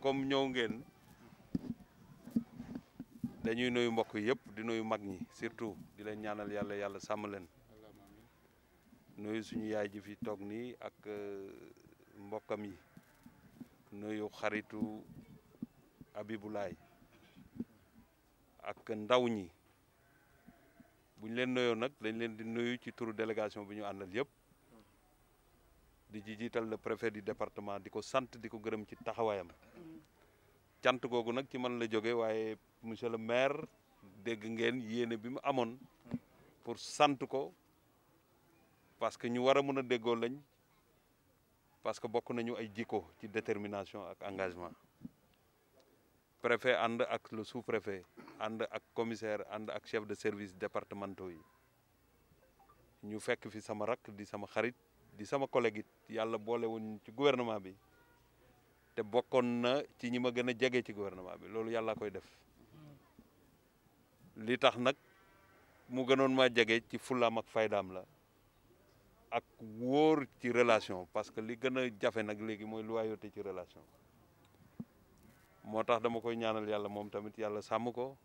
comme ñew ngeen dañuy nuyu mbokk yépp di nuyu mag ñi surtout di leen ñaanal yalla yalla sam leen nuyu suñu yaay ji fi tok ni ak euh, mbokam yi nuyu xaritu abibulaay ak ndaw ñi buñ leen nuyo nak dañ leen di nuyu ci turu délégation bi ñu andal yépp di ci le préfet du département di sante diko di gërëm ci taxawayam cant gogou nak ci man la joggé wayé monsieur le maire dégg ngén yéné bi mu amoon pour sant ko parce que ñu wara mëna mën lañ parce que bokku nañu ay jiko ci détermination ak engagement préfet and ak le sous-préfet and ak commissaire and ak chef de service départementaux yi ñu fekk fi sama rak di sama xarit di sama collègue it yàlla boole woon ci gouvernement bi te bokkoon na ci ñi ma gën a jege ci gouvernement bi loolu yàlla koy def li tax nag mu gënoon maa jege ci fullaam ak faydaam la ak wóor ci relation parce que li gën a jafe nag léegi mooy lu loyauté ci relation moo tax dama koy ñaanal yàlla moom tamit yàlla sàmm ko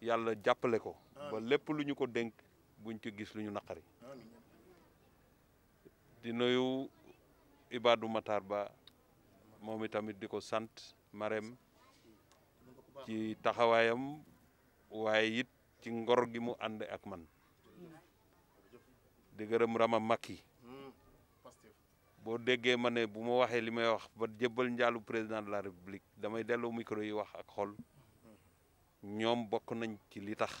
yàlla jàppale ko ba lépp lu ñu ko dénk buñ ci gis lu ñu naqari di nuyu Ibadou Matar Ba momi tamit di sante marem, ci taxawayam waye yit ci ngor gi mu and ak man di geureum Rama makki bo déggee mané buma waxé limay wax ba djébal ndialu président de la république damay délo micro yi wax ak xol ñom bokk nañ ci li tax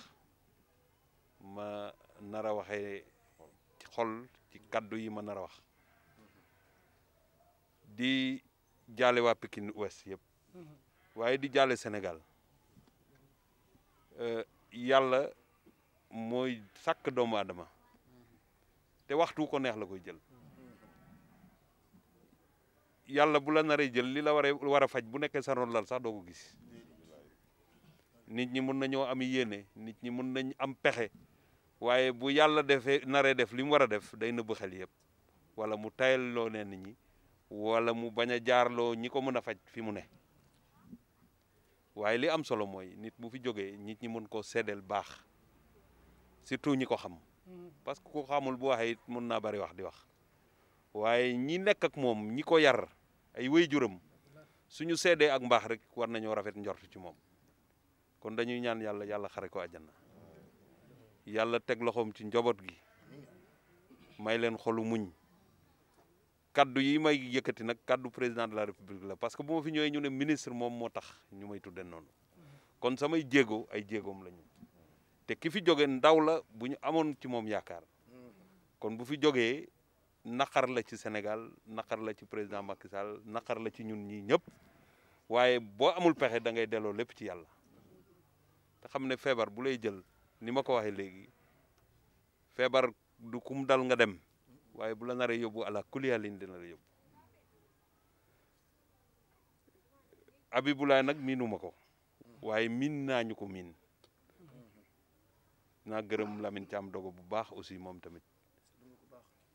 ma nara waxé ci xol ci kaddu yi ma nara wax di jale waa Pikine wes yëpp mhm. waaye di Senegal. Sénégal euh, yàlla sak sàkk doomu aadama mhm. te waxtu ko neex la koy jël nare bu la naree jël li la waree war faj bu nekkee sa ron lal sax doo gis nit ñi mun nañoo am nit ñi mun nañ am pexe waaye bu yalla defee naree def lim mu def day nëbb xel wala mu tayal loo nit wala mu bañ a jaarloo ñi ko mën a faj fi mu ne waaye li am solo mooy nit bu fi jógee nit ñi mën koo seddeel baax surtout ñi ko xam mm. parce que ko xamul bu waxee it mën naa bari wax di wax waaye ñi nekk ak moom ñi ko yar ay waajuram suñu seddee ak mbaax rek war nañoo rafet njort ci moom kon dañuy ñaan yàlla yàlla xare ko àjjana yàlla teg loxoom ci njaboot gi may leen xolu muñ kaddu yi may yëkkati nag kaddu président de la république la parce que bu ma fi ñëwee ñu ne ministre moom moo tax ñu may tudde noonu kon samay jéego ay jéegoom lañu te ki fi jóge ndaw la bu ñu amoon ci moom yaakaar kon bu fi jógee naqar la ci Sénégal naqar la ci président Macky naqar la ci ñun ñii ñëpp waaye boo amul pexe dangay delloo lépp ci yàlla te xam ne feebar bu lay jël ni ma ko waxee léegi feebar du kum dal nga dem waye bu la naree yobbu ala kuliya liñ dina la abi abibulaay nag miinuma ko waaye miin naa ko min na gërem Lamine cham dogo bu baax aussi mom tamit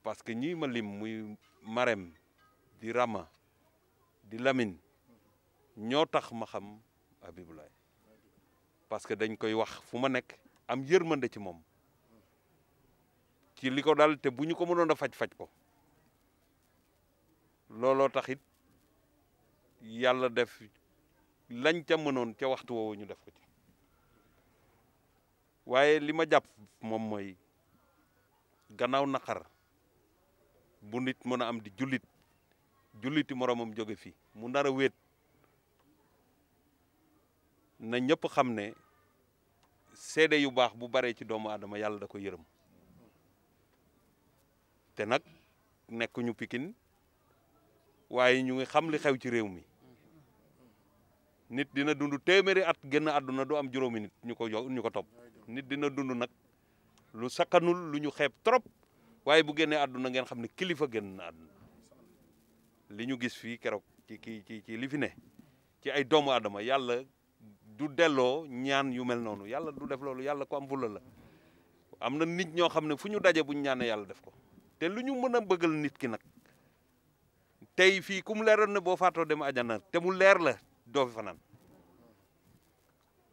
parce que ñi ma lim muy marem di Rama di Lamine ño tax ma xam abibulaay parce que dañ koy wax fuma nek am yermande ci mom ci li ko dal te bu ñu ko mënoon a faj-faj ko looloo taxit yàlla def lañ ca mënoon ca waxtu woowu ñu def ko ci waaye li ma jàpp moom mooy gannaaw naqar bu nit mën a am di jullit julliti moromam jóge fi mu nar a wéet na ñëpp xam ne seede yu baax bu baree ci doomu aadama yàlla da ko yërëm te nag nekkuñu pikin waaye ñu ngi xam li xew ci réew mi nit dina dund téeméeri at genn àdduna du am juróomi nit ñu ko ñu ko topp nit dina dund nag lu sakkanul lu ñu xeeb trop waaye bu génnee àdduna ngeen xam ne kilifa genn na li ñu gis fii keroog ci ci ci ci li fi ne ci ay doomu aadama yàlla du delloo ñaan yu mel noonu yàlla du def loolu yàlla ko am fulla la am na nit ñoo xam ne fu ñu daje buñ ñaanee yàlla def ko te lu ñu mën a bëggal nit ki nag tey fii ku mu leeroon ne boo faatoo dem àjjana te mu leer la doo fi fanaan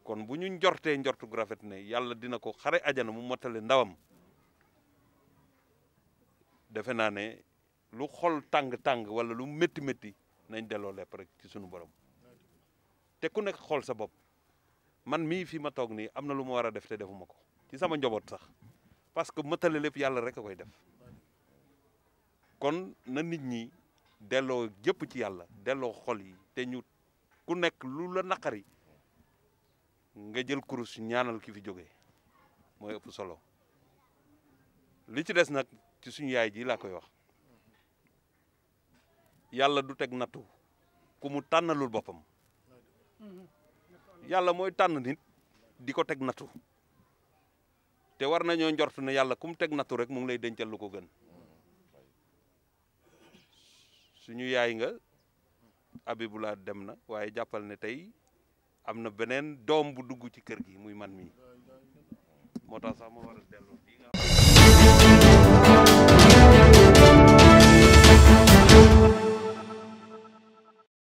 kon bu ñu njortee njort gu rafet ne yàlla dina ko xare àjjana mu mottale ndawam defe naa ne lu xol tàng-tàng wala lu métti métti nañ delloo lépp rek ci sunu borom te ku nekk xool sa bopp man mii fii ma toog nii am na lu ma war a def te defuma ko ci sama njaboot sax parce que matale lépp yàlla rek a koy def kon na nit ñi delloo jëpp ci yàlla delloo xol yi te ñu ku nekk lu la naqari nga jël kurus ñaanal ki fi jóge mooy ëpp solo li ci des nag ci suñu yaay ji laa koy wax yàlla du teg nattu ku mu tànnalul boppam yàlla mooy tànn nit di ko teg nattu te war nañoo njort na yàlla kumu teg nattu rek mu lay dencal lu ko gën suñu yaay nga Abibula dem na waaye jàppal na tey am na beneen doom bu dugg ci kër gi muy man mii moo tax sax ma war dellu